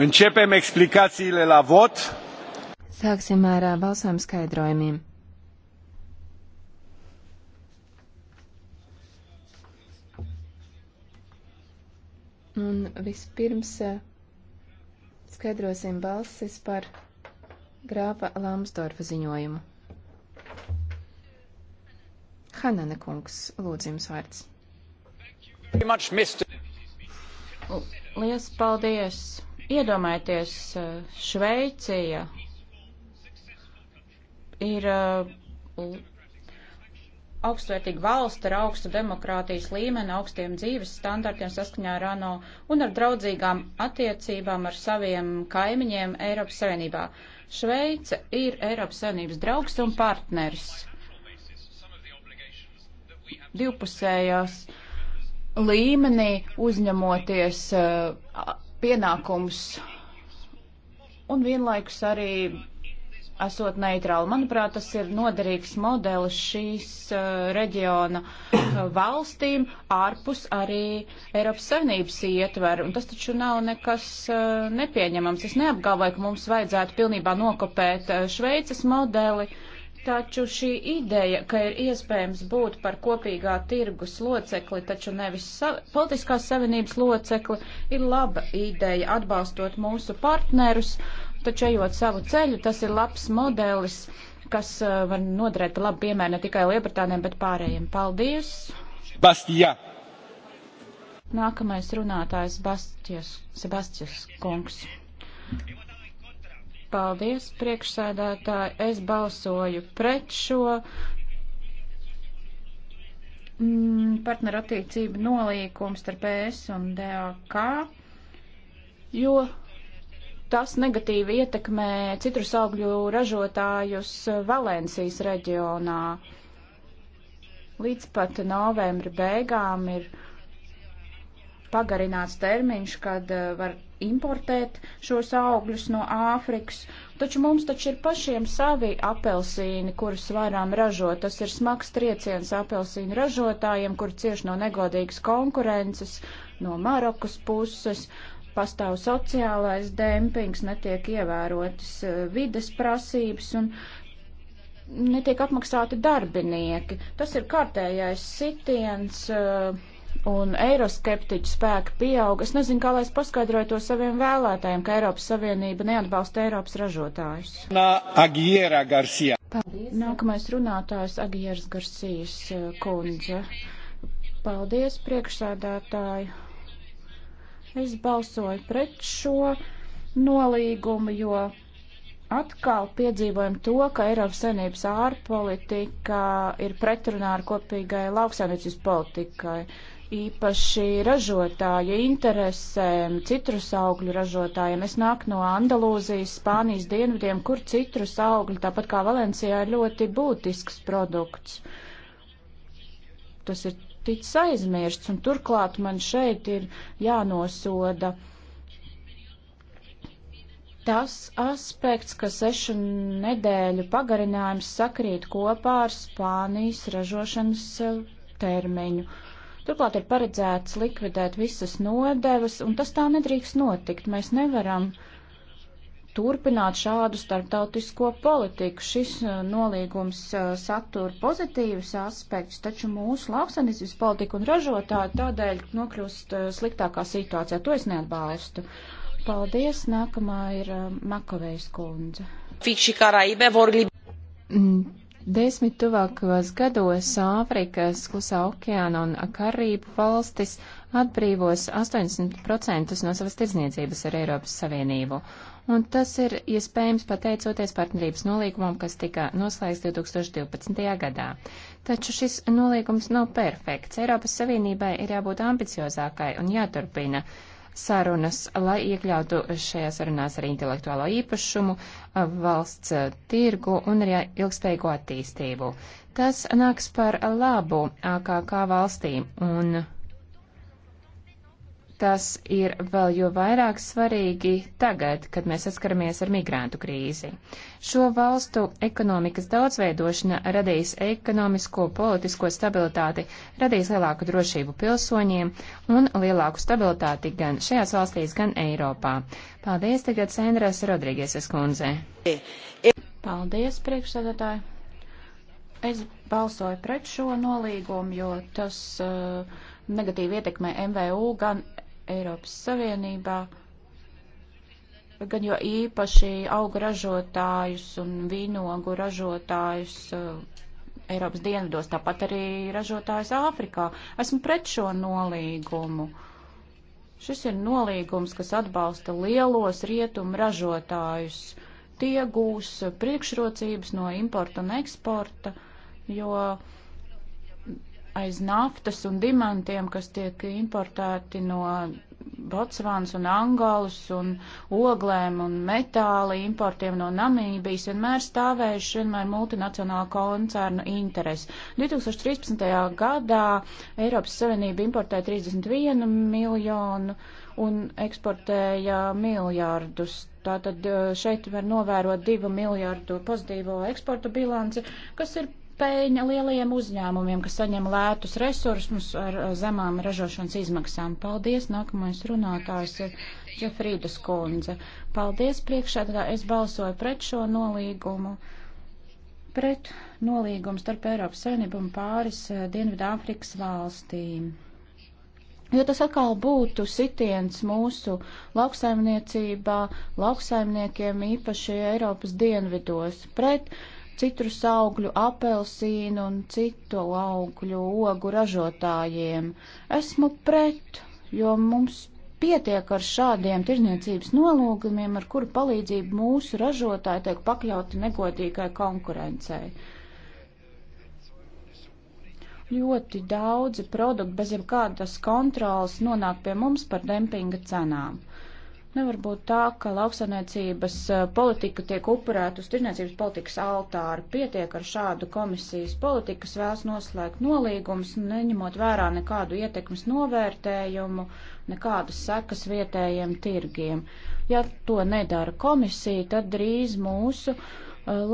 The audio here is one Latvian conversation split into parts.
Începem explicațiile la vot. Sāksim ar uh, balsām skaidrojumiem. Un vispirms uh, skaidrosim balsis par grāfa Lamsdorfa ziņojumu. Hanane kungs, lūdzu jums vārds. Lielas paldies! Iedomājieties, eh, Šveicija ir eh, augstvērtīga valsts ar augstu demokrātijas līmeni, augstiem dzīves standartiem saskaņā ar ANO un ar draudzīgām attiecībām ar saviem kaimiņiem Eiropas Savienībā. Šveice ir Eiropas Savienības draugs un partners. Divpusējās līmenī uzņemoties uh, pienākums un vienlaikus arī esot neitrāli. Manuprāt, tas ir noderīgs modelis šīs uh, reģiona uh, valstīm ārpus arī Eiropas Savienības ietveru. Un tas taču nav nekas uh, nepieņemams. Es neapgalvoju, ka mums vajadzētu pilnībā nokopēt uh, Šveices modeli. Uh, Taču šī ideja, ka ir iespējams būt par kopīgā tirgus locekli, taču nevis sa politiskās savienības locekli, ir laba ideja atbalstot mūsu partnerus, taču ejot savu ceļu, tas ir labs modelis, kas uh, var noderēt labu piemēru ne tikai Lielbritāniem, bet pārējiem. Paldies! Bastijā! Nākamais runātājs Bastijas, Sebastijas kungs. Paldies, priekšsēdētāji. Es balsoju pret šo mm, partnerattiecību nolīkumu starp ES un DAK, jo tas negatīvi ietekmē citrus augļu ražotājus Valencijas reģionā. Līdz pat novembra beigām ir pagarināts termiņš, kad eh, var importēt šos augļus no Āfrikas. Taču mums taču ir pašiem savi apelsīni, kurus varam ražot. Tas ir smags trieciens apelsīnu ražotājiem, kur cieši no negodīgas konkurences, no Marokas puses. Pastāv sociālais dempings, netiek ievērotas eh, vides prasības, un netiek apmaksāti darbinieki. Tas ir kārtējais sitiens uh, un eiroskeptiķu spēki pieaug. Es nezinu, kā lai es paskaidroju to saviem vēlētājiem, ka Eiropas Savienība neatbalsta Eiropas ražotājus. Nā, Agiera Garcia. Paldies. Nākamais runātājs Agieras Garcijas eh, kundze. Paldies, priekšsādātāji. Es balsoju pret šo nolīgumu, jo atkal piedzīvojam to, ka Eiropas Savienības ārpolitika ir pretrunā ar kopīgai lauksaimniecības politikai īpaši ražotāju interesēm, citrus augļu ražotājiem. Es nāku no Andalūzijas, Spānijas dienvidiem, kur citrus augļi, tāpat kā Valencijā, ir ļoti būtisks produkts. Tas ir ticis aizmirsts, un turklāt man šeit ir jānosoda tas aspekts, ka sešu nedēļu pagarinājums sakrīt kopā ar Spānijas ražošanas eh, termiņu. Turklāt ir paredzēts likvidēt visas nodevas, un tas tā nedrīkst notikt. Mēs nevaram turpināt šādu starptautisko politiku. Šis uh, nolīgums uh, satura pozitīvus aspektus, taču mūsu lauksanisības politika un ražotāji tādēļ nokļūst uh, sliktākā situācijā. To es neatbalstu. Paldies. Nākamā ir Makovejas kundze. Fiksi Karaibe vor mm, Desmit tuvākos gados Āfrikas, Klusā okeāna un Karību valstis atbrīvos 80% no savas tirdzniecības ar Eiropas Savienību. Un tas ir iespējams pateicoties partnerības nolīgumam, kas tika noslēgts 2012. gadā. Taču šis nolīgums nav perfekts. Eiropas Savienībai ir jābūt ambiciozākai un jāturpina sarunas, lai iekļautu šajā sarunās arī intelektuālo īpašumu, valsts tirgu un arī ilgspējīgu attīstību. Tas nāks par labu AKK valstīm un Tas ir vēl jo vairāk svarīgi tagad, kad mēs saskaramies ar migrantu krīzi. Šo valstu ekonomikas daudzveidošana radīs ekonomisko, politisko stabilitāti, radīs lielāku drošību pilsoņiem un lielāku stabilitāti gan šajās valstīs, gan Eiropā. Paldies tagad Sandras Rodrīgieses kundzē. Paldies, priekšsēdētāji. Es balsoju pret šo nolīgumu, jo tas uh, negatīvi ietekmē MVU gan Eiropas Savienībā, gan jo īpaši auga ražotājus un vīnogu ražotājus eh, Eiropas dienvidos, tāpat arī ražotājus Āfrikā. Esmu pret šo nolīgumu. Šis ir nolīgums, kas atbalsta lielos rietumu ražotājus. Tie gūs priekšrocības no importa un eksporta, jo uh, aiz naftas un dimantiem, kas tiek importēti no Botsvānas un Angolas un oglēm un metāla importiem no Namībijas, vienmēr stāvējuši vienmēr multinacionāla koncernu interesi. 2013. gadā Eiropas Savienība importēja 31 miljonu un eksportēja miljārdus. Tātad eh, šeit var novērot 2 miljārdu pozitīvo eksporta bilanci, kas ir peļņa lielajiem uzņēmumiem, kas saņem lētus resursus ar zemām ražošanas izmaksām. Paldies! Nākamais runātājs ir Džefrīdas kundze. Paldies priekšādā, es balsoju pret šo nolīgumu pret nolīgumu starp Eiropas Savienību un pāris eh, Dienvidāfrikas valstīm. Jo tas atkal būtu sitiens mūsu lauksaimniecībā, lauksaimniekiem īpaši Eiropas dienvidos pret uh, citrus augļu, apelsīnu un citu augļu ogu ražotājiem. Esmu pret, jo mums pietiek ar šādiem tirniecības nolūgumiem, ar kuru palīdzību mūsu ražotāji tiek pakļauti negodīgai konkurencei. Ļoti daudzi produkti bez jebkādas kontrolas nonāk pie mums par dempinga cenām. Nevar būt tā, ka lauksaimniecības e, politika tiek upurēta uz tirniecības politikas altāru. Pietiek ar šādu komisijas politiku, kas vēlas noslēgt nolīgumus, neņemot vērā nekādu ietekmes novērtējumu, nekādas sekas vietējiem tirgiem. Ja to nedara komisija, tad drīz mūsu e,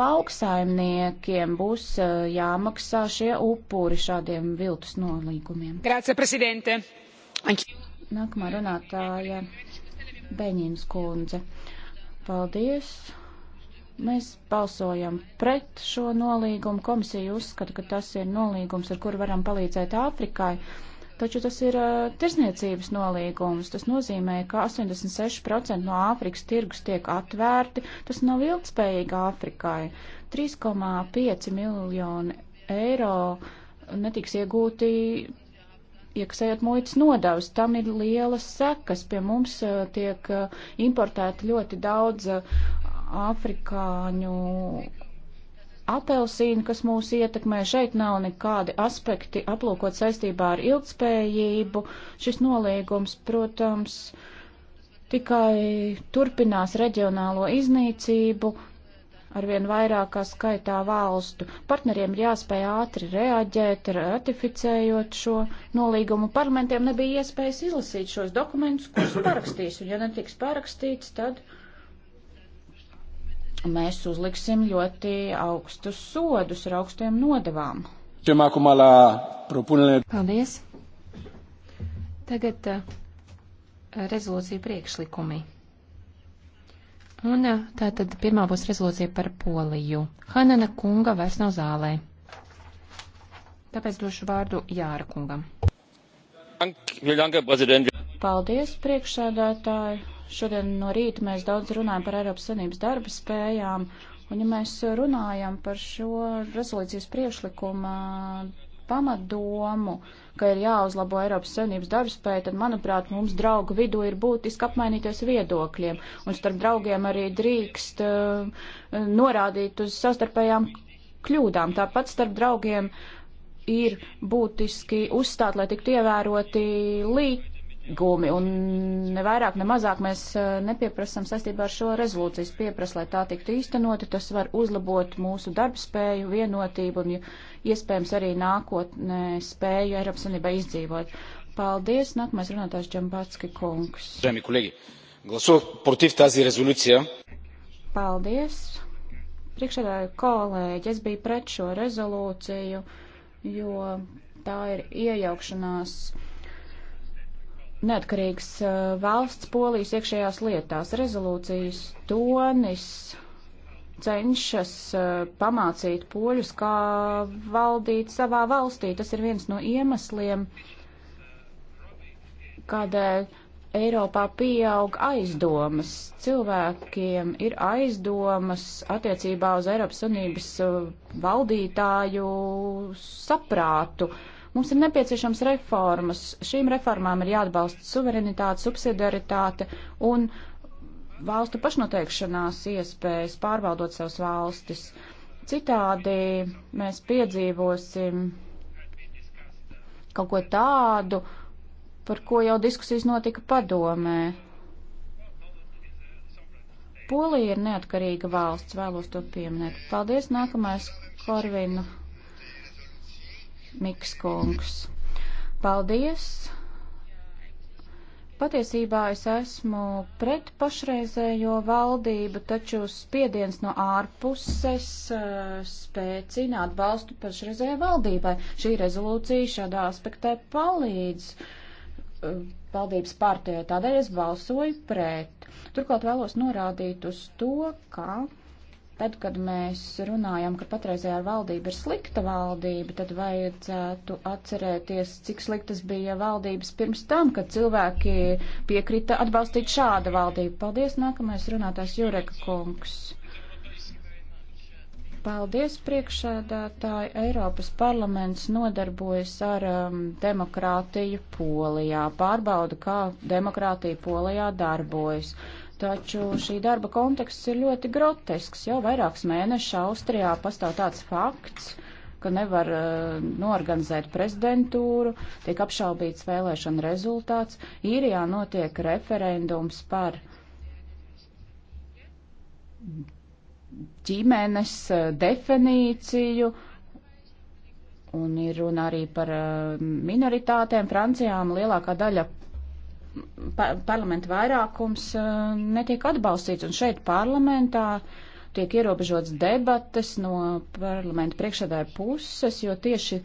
lauksaimniekiem būs e, jāmaksā šie upuri šādiem viltus nolīgumiem. Grācija, prezidente! Nākamā runātāja. Ja. Beņins kundze. Paldies! Mēs balsojam pret šo nolīgumu. Komisija uzskata, ka tas ir nolīgums, ar kuru varam palīdzēt Āfrikai, taču tas ir uh, tirsniecības nolīgums. Tas nozīmē, ka 86% no Āfrikas tirgus tiek atvērti. Tas nav ilgspējīgi Āfrikai. 3,5 miljoni eiro netiks iegūti iekasējot muitas nodevas, tam ir lielas sekas. Pie mums uh, tiek uh, importēta ļoti daudz uh, afrikāņu apelsīnu, kas mūs ietekmē. Šeit nav nekādi aspekti aplūkot saistībā ar ilgspējību. Šis nolīgums, protams, tikai turpinās reģionālo iznīcību, arvien vairākā skaitā valstu. Partneriem ir jāspēj ātri reaģēt, ratificējot šo nolīgumu. Parlamentiem nebija iespējas izlasīt šos dokumentus, kurus parakstīs, un ja netiks parakstīts, tad mēs uzliksim ļoti augstus sodus ar augstiem nodevām. Paldies! Tagad eh, rezolūcija priekšlikumi. Un eh, tā tad pirmā būs rezolūcija par Poliju. Hanana kunga vairs nav zālē. Tāpēc došu vārdu Jāra kungam. Paldies, priekšsēdētāji. Šodien no rīta mēs daudz runājam par Eiropas Savienības darba spējām, un ja mēs runājam par šo rezolīcijas priekšlikumu pamatdomu, ka ir jāuzlabo Eiropas Savienības darbspēja, tad, manuprāt, mums draugu vidū ir būtiski apmainīties viedokļiem, un starp draugiem arī drīkst uh, norādīt uz savstarpējām kļūdām. Tāpat starp draugiem ir būtiski uzstāt, lai tiktu ievēroti līdzi gumi, un ne vairāk, ne mazāk mēs e, nepieprasam saistībā ar šo rezolūcijas pieprasu, lai tā tiktu īstenoti, tas var uzlabot mūsu darbspēju, vienotību un iespējams arī nākotnē spēju Eiropas Unībā izdzīvot. Paldies, nākamais runātājs Džambatski kungs. Dāmi kolēģi, glaso protiv tāzi rezolūcija. Paldies. Priekšēdāju kolēģi, es biju pret šo rezolūciju, jo tā ir iejaukšanās neatkarīgs eh, valsts polijas iekšējās lietās. Rezolūcijas tonis cenšas eh, pamācīt poļus, kā valdīt savā valstī. Tas ir viens no iemesliem, kādēļ Eiropā pieaug aizdomas. Cilvēkiem ir aizdomas attiecībā uz Eiropas Unības eh, valdītāju saprātu. Uh, Mums ir nepieciešams reformas. Šīm reformām ir jāatbalsta suverenitāte, subsidiaritāte un valstu pašnoteikšanās iespējas pārvaldot savas valstis. Citādi mēs piedzīvosim kaut ko tādu, par ko jau diskusijas notika padomē. Polija ir neatkarīga valsts, vēlos to pieminēt. Paldies, nākamais Korvina Mikskungs. Paldies! Patiesībā es esmu pret pašreizējo valdību, taču spiediens no ārpuses eh, spēcina atbalstu pašreizējai valdībai. Šī rezolūcija šādā aspektā palīdz eh, valdības partijai, tādēļ es balsoju pret. Turklāt vēlos norādīt uz to, ka Tad, kad mēs runājam, ka patreizējā valdība ir slikta valdība, tad vajadzētu atcerēties, cik sliktas bija valdības pirms tam, kad cilvēki piekrita atbalstīt šādu valdību. Paldies, nākamais runātājs Jureka kungs. Paldies, priekšsēdētāji. Eiropas parlaments nodarbojas ar um, demokrātiju Polijā, pārbauda, kā demokrātija Polijā darbojas. Uh, Taču šī darba konteksts ir ļoti grotesks. Jau vairākus mēnešus Austrijā pastāv tāds fakts, ka nevar uh, norganizēt prezidentūru, tiek apšaubīts vēlēšana rezultāts. Īrijā notiek referendums par ģimenes uh, definīciju, un ir runa arī par uh, minoritātēm. Francijām lielākā daļa pa parlamenta vairākums uh, netiek atbalstīts, un šeit parlamentā tiek ierobežots debates no parlamenta priekšsēdāja puses, jo tieši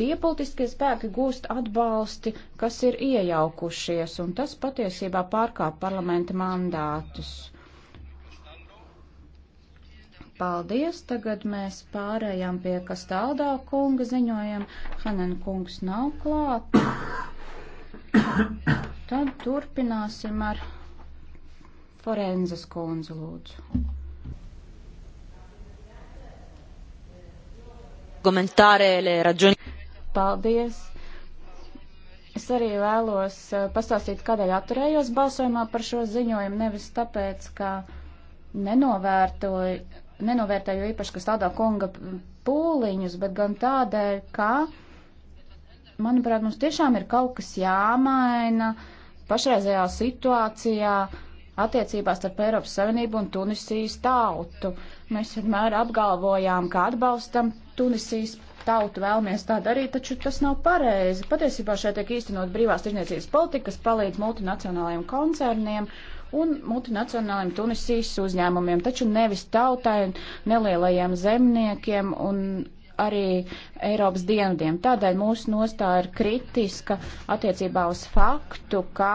tie politiskie spēki gūst atbalsti, kas ir iejaukušies, un tas patiesībā pārkāp parlamenta mandātus. Paldies, tagad mēs pārējām pie Kastaldā kunga ziņojam. Hanen kungs nav klāt. Tad turpināsim ar Forenzas kundzi lūdzu. Komentāre le raģuni. Paldies. Es arī vēlos eh, pastāstīt, kādēļ atturējos balsojumā par šo ziņojumu, nevis tāpēc, ka nenovērtoju, nenovērtēju īpaši Kastādā kunga pūliņus, bet gan tādēļ, ka manuprāt, mums tiešām ir kaut kas jāmaina pašreizējā situācijā attiecībās starp Eiropas Savienību un Tunisijas tautu. Mēs vienmēr apgalvojām, ka atbalstam Tunisijas tautu, vēlamies tā darīt, taču tas nav pareizi. Patiesībā šeit tiek īstenot brīvās tirdzniecības politika, kas palīdz multinacionālajiem koncerniem un multinacionāliem Tunisijas uzņēmumiem, taču nevis tautai un nelielajiem zemniekiem un arī Eiropas dienvidiem. Tādēļ mūsu nostāja ir kritiska attiecībā uz faktu, ka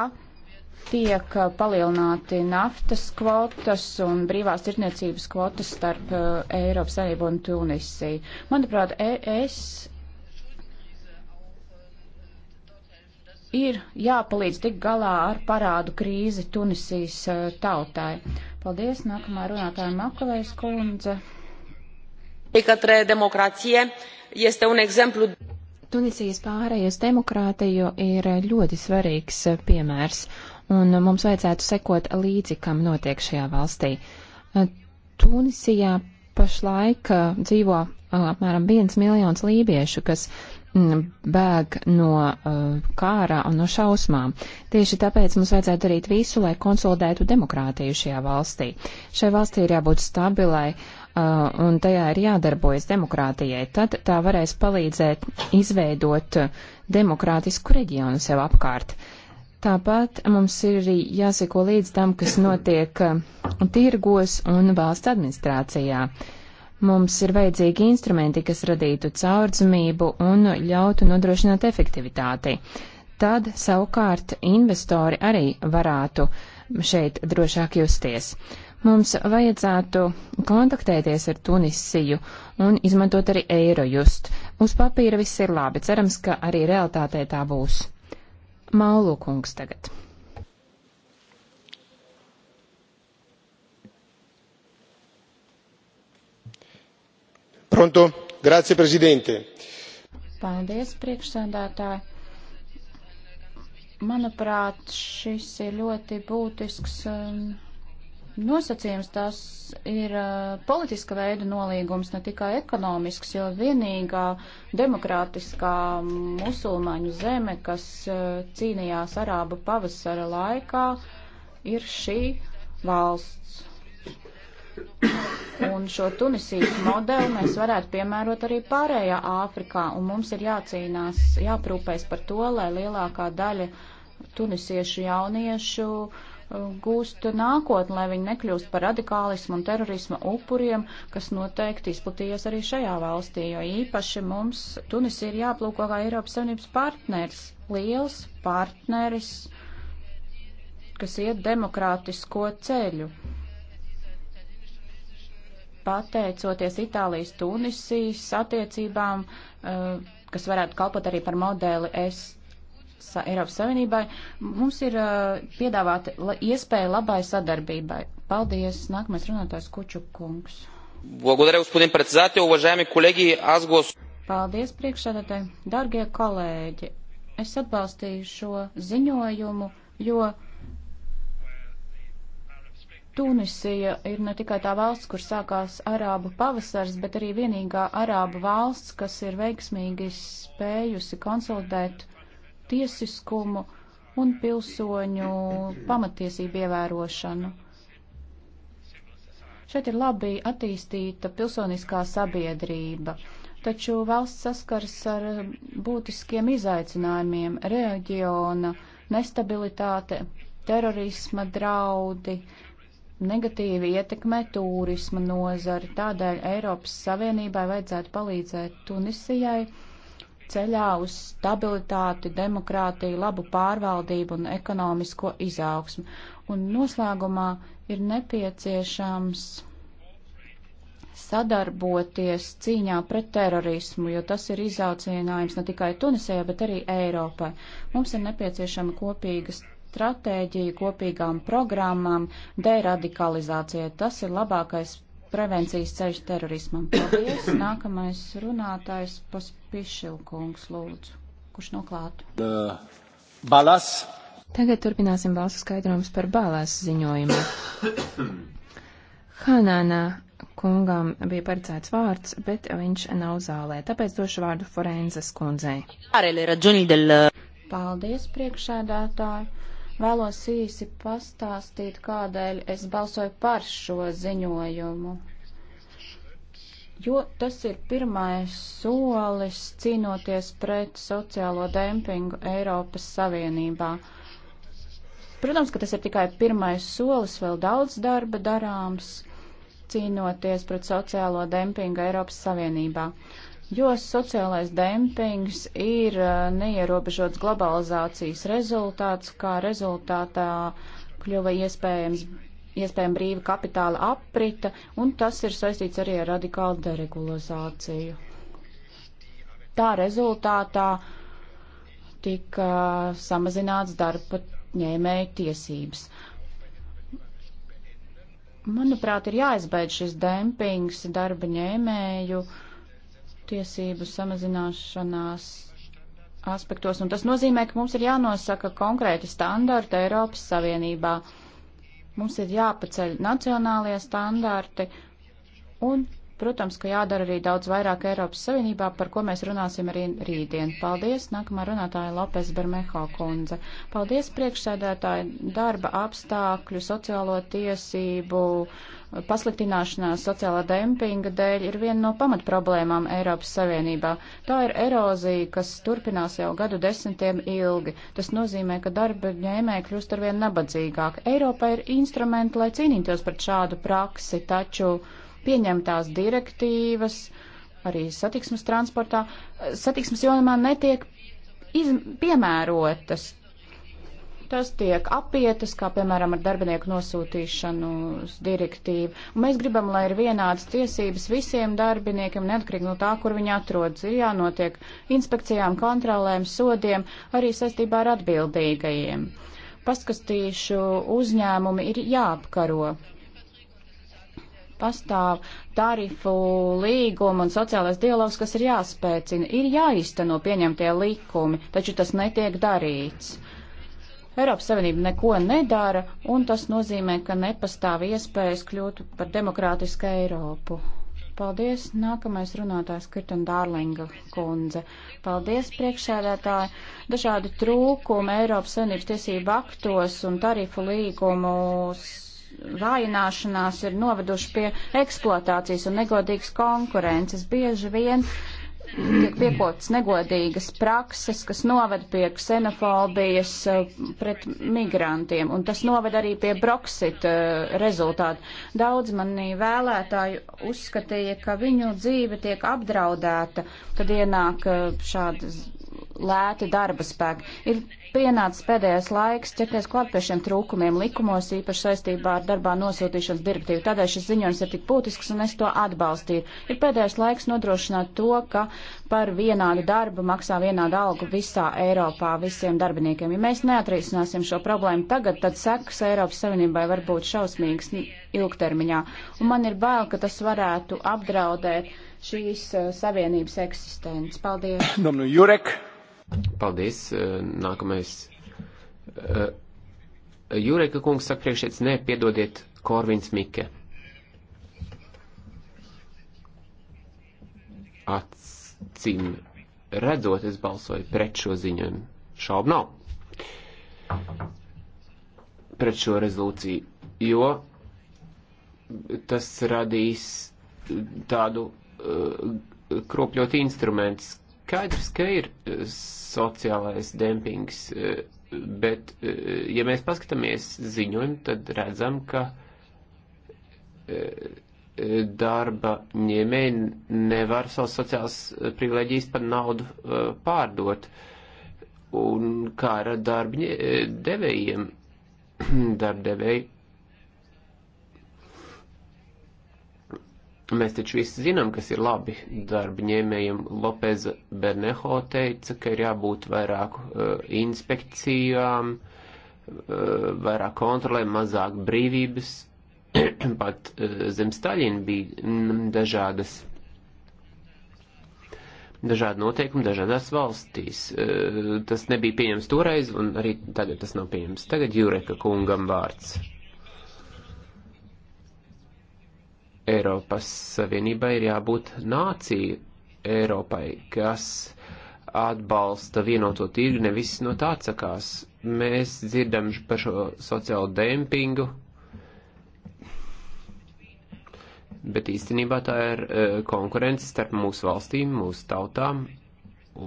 tiek palielināti naftas kvotas un brīvās tirdzniecības kvotas starp uh, Eiropas Savienību un Tunisiju. Manuprāt, e, es ir jāpalīdz tik galā ar parādu krīzi Tunisijas uh, tautai. Paldies, nākamā runātāja Makalēs kundze către democrație este un exemplu. Tunisijas pārējais demokrātiju ir ļoti svarīgs piemērs, un mums vajadzētu sekot līdzi, kam notiek šajā valstī. Tunisijā pašlaik dzīvo apmēram viens miljons lībiešu, kas Mm, bēg no uh, kārā un no šausmām. Tieši tāpēc mums vajadzētu darīt visu, lai konsolidētu demokrātiju šajā valstī. Šai valstī ir jābūt stabilai uh, un tajā ir jādarbojas demokrātijai. Tad tā varēs palīdzēt izveidot uh, demokrātisku reģionu sev apkārt. Tāpat mums ir arī jāseko līdz tam, kas notiek uh, tirgos un valsts administrācijā. Uh, Mums ir vajadzīgi instrumenti, kas radītu caurdzamību un ļautu nodrošināt efektivitāti. Tad savukārt investori arī varētu šeit drošāk justies. Mums vajadzētu kontaktēties ar Tunisiju un izmantot arī Eirojust. Uz papīra viss ir labi, cerams, ka arī realitātē tā būs. Maulu kungs tagad. Grazie, Paldies, priekšsēdētāji. Manuprāt, šis ir ļoti būtisks um, nosacījums. Tas ir uh, politiska veida nolīgums, ne tikai ekonomisks, jo vienīgā demokrātiskā musulmaņu zeme, kas uh, cīnījās arābu pavasara laikā, ir šī valsts. Un šo Tunisijas modeli mēs varētu piemērot arī pārējā Āfrikā, un mums ir jācīnās, jāprūpēs par to, lai lielākā daļa tunisiešu jauniešu uh, gūst nākotni, lai viņi nekļūst par radikālismu un terorisma upuriem, kas noteikti izplatījies arī šajā valstī, jo īpaši mums Tunisija ir jāplūko kā Eiropas Savienības partners, liels partneris, kas iet demokrātisko ceļu pateicoties Itālijas Tunisijas attiecībām, eh, kas varētu kalpot arī par modeli es Eiropas Savienībai, mums ir eh, piedāvāta iespēja labai sadarbībai. Paldies! Nākamais runātājs Kuču kungs. Благодаря, господин председател. Уважаеми колеги, аз глас... Paldies, priekšsēdētāji. Dargie kolēģi, es atbalstīju šo ziņojumu, jo Tunisija ir ne tikai tā valsts, kur sākās arābu pavasars, bet arī vienīgā arābu valsts, kas ir veiksmīgi spējusi konsolidēt tiesiskumu un pilsoņu pamatiesību ievērošanu. Šeit ir labi attīstīta pilsoniskā sabiedrība, taču valsts saskars ar būtiskiem izaicinājumiem - reģiona nestabilitāte, terorisma draudi, negatīvi ietekmē turisma nozari. Tādēļ Eiropas Savienībai vajadzētu palīdzēt Tunisijai ceļā uz stabilitāti, demokrātiju, labu pārvaldību un ekonomisko izaugsmu. Un noslēgumā ir nepieciešams sadarboties cīņā pret terorismu, jo tas ir izaucinājums ne tikai Tunisijai, bet arī Eiropai. Mums ir nepieciešama kopīgas stratēģiju, kopīgām programmām, deradikalizācijai. Tas ir labākais prevencijas ceļš terorismam. Paldies! Nākamais runātājs Paspišilkungs, lūdzu. Kurš noklātu? Balas. Tagad turpināsim balsu skaidrojumus par balās ziņojumu. Hanānā kungam bija paredzēts vārds, bet viņš nav zālē, tāpēc došu vārdu Forenzas kundzei. Paldies, priekšsēdētāji! Vēlos īsi pastāstīt, kādēļ es balsoju par šo ziņojumu. Jo tas ir pirmais solis cīnoties pret sociālo dempingu Eiropas Savienībā. Protams, ka tas ir tikai pirmais solis, vēl daudz darba darāms cīnoties pret sociālo dempingu Eiropas Savienībā jo sociālais dempings ir uh, neierobežots globalizācijas rezultāts, kā rezultātā kļuva iespējams iespējama brīva kapitāla aprita, un tas ir saistīts arī ar radikālu deregulizāciju. Tā rezultātā tika uh, samazināts darba ņēmēju tiesības. Manuprāt, ir jāizbeidz šis dempings darba ņēmēju uh, tiesību samazināšanās aspektos, un tas nozīmē, ka mums ir jānosaka konkrēti standarti Eiropas Savienībā. Mums ir jāpaceļ nacionālie standarti, un, protams, ka jādara arī daudz vairāk Eiropas Savienībā, par ko mēs runāsim arī rītdien. Paldies, nākamā runātāja Lopes Bermeho kundze. Paldies priekšsēdētāji darba apstākļu, sociālo tiesību. Uh, pasliktināšanās sociālā dempinga dēļ ir viena no pamatproblēmām Eiropas Savienībā. Tā ir erozija, kas turpinās jau gadu desmitiem ilgi. Tas nozīmē, ka darba ņēmēji kļūst arvien nabadzīgāk. Eiropā ir instrumenti, lai cīnītos pret šādu praksi, taču pieņemtās direktīvas, arī satiksmes transportā, satiksmes jomā netiek piemērotas tas tiek apietas, kā piemēram ar darbinieku nosūtīšanu direktīvu. Un mēs gribam, lai ir vienādas tiesības visiem darbiniekiem, neatkarīgi no tā, kur viņi atrodas. Ir jānotiek inspekcijām, kontrolēm, sodiem, arī saistībā ar atbildīgajiem. Paskastīšu uzņēmumi ir jāapkaro. Pastāv tarifu līguma un sociālais dialogs, kas ir jāspēcina, ir jāizteno pieņemtie likumi, taču tas netiek darīts Eiropas Savienība neko nedara, un tas nozīmē, ka nepastāv iespējas kļūt par demokrātisku Eiropu. Paldies. Nākamais runātājs Kirtuna Dārlinga kundze. Paldies, priekšsēdētāji. Dažādi trūkumi Eiropas Savienības tiesību aktos un tarifu līgumus vājināšanās ir noveduši pie eksploatācijas un negodīgas konkurences. Bieži vien tiek piekotas negodīgas prakses, kas noved pie ksenofobijas uh, pret migrantiem, un tas noved arī pie Brexit uh, rezultātu. Daudz manī vēlētāju uzskatīja, ka viņu dzīve tiek apdraudēta, kad ienāk uh, šādas lēti darba spēki. Ir pienācis pēdējais laiks ķerties klāt pie šiem trūkumiem likumos, īpaši saistībā ar darbā nosūtīšanas direktīvu. Tādēļ šis ziņojums ir tik būtisks un es to atbalstīju. Ir pēdējais laiks nodrošināt to, ka par vienādu darbu maksā vienādu algu visā Eiropā visiem darbiniekiem. Ja mēs neatrisināsim šo problēmu tagad, tad sekas Eiropas Savienībai var būt šausmīgas ilgtermiņā. Un man ir bail, ka tas varētu apdraudēt šīs uh, savienības eksistenci. Paldies! Domnu Jurek! Paldies. Eh, nākamais. Eh, Jureka kungs saka priekšēc, nē, piedodiet, Korvins Mike. Acīm redzot, es balsoju pret šo ziņojumu. Šaubu nav. Pret šo rezolūciju, jo tas radīs tādu uh, eh, kropļot instruments, Skaidrs, ka ir e, sociālais dempings, e, bet, e, ja mēs paskatāmies ziņojumu, tad redzam, ka darba ņēmēji nevar savas sociālas privileģijas par naudu pārdot. Un kā ar darba devējiem, darba devēji Mēs taču visi zinām, kas ir labi darba ņēmējiem. Lopeza Berneho teica, ka ir jābūt vairāk uh, inspekcijām, uh, vairāk kontrolēm, mazāk brīvības. Pat uh, zem Staļina bija mm, dažādas, dažādi noteikumi dažādās valstīs. Uh, tas nebija pieņems toreiz, un arī tagad tas nav pieņems. Tagad Jureka kungam vārds. Eiropas Savienībai ir jābūt nācija Eiropai, kas atbalsta vienoto tirgu, nevis no tā atsakās. Mēs dzirdam par šo sociālo dempingu, bet īstenībā tā ir e, konkurence starp mūsu valstīm, mūsu tautām,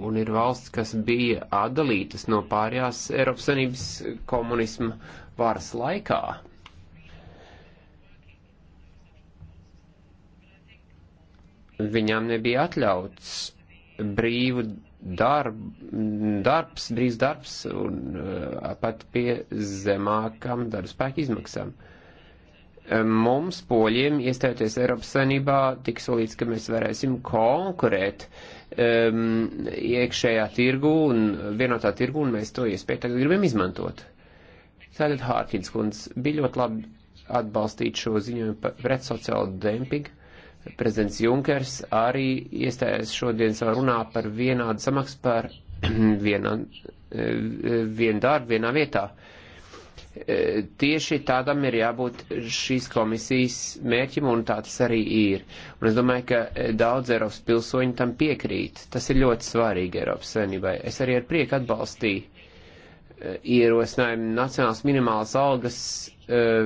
un ir valsts, kas bija atdalītas no pārējās Eiropas Savienības komunisma varas laikā. viņām nebija atļauts brīvu darbu, darbs, brīvs darbs un uh, pat pie zemākam darbspēku izmaksām. Mums, poļiem, iestājoties Eiropas saimnībā, tik solīts, ka mēs varēsim konkurēt um, iekšējā tirgu un vienotā tirgu, un mēs to iespēju tagad gribam izmantot. Tātad Hārkins kundze bija ļoti labi atbalstīt šo ziņojumu pret sociālo dempingu, Prezidents Junkers arī iestājās šodien savā runā par vienādu samaksu par vienā, vienu darbu vienā vietā. E, tieši tādam ir jābūt šīs komisijas mērķim, un tā tas arī ir. Un es domāju, ka daudz Eiropas pilsoņu tam piekrīt. Tas ir ļoti svarīgi Eiropas savienībai. Es arī ar prieku atbalstīju Eh, ierosinājumi nacionālas minimālas algas eh,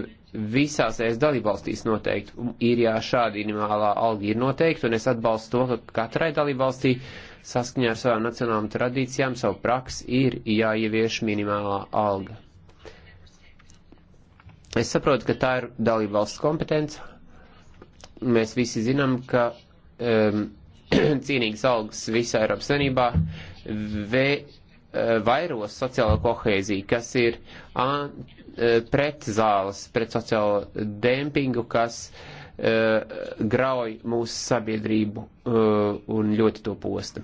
visās es dalībvalstīs noteikti. Īrijā šāda minimālā alga ir noteikta, un es atbalstu to, ka katrai dalībvalstī saskaņā ar savām nacionālām tradīcijām, savu praksi ir jāievieš minimālā alga. Es saprotu, ka tā ir dalībvalsts kompetence. Mēs visi zinām, ka um, cienīgas algas visā Eiropas Savienībā Eh, vairos sociālo kohēziju, kas ir eh, pret zāles, pret sociālo dempingu, kas eh, grauj mūsu sabiedrību un ļoti to posta.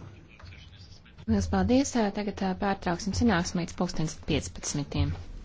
Lielas paldies! Tagad pārtrauksim sanāksmē līdz pulkstens 15.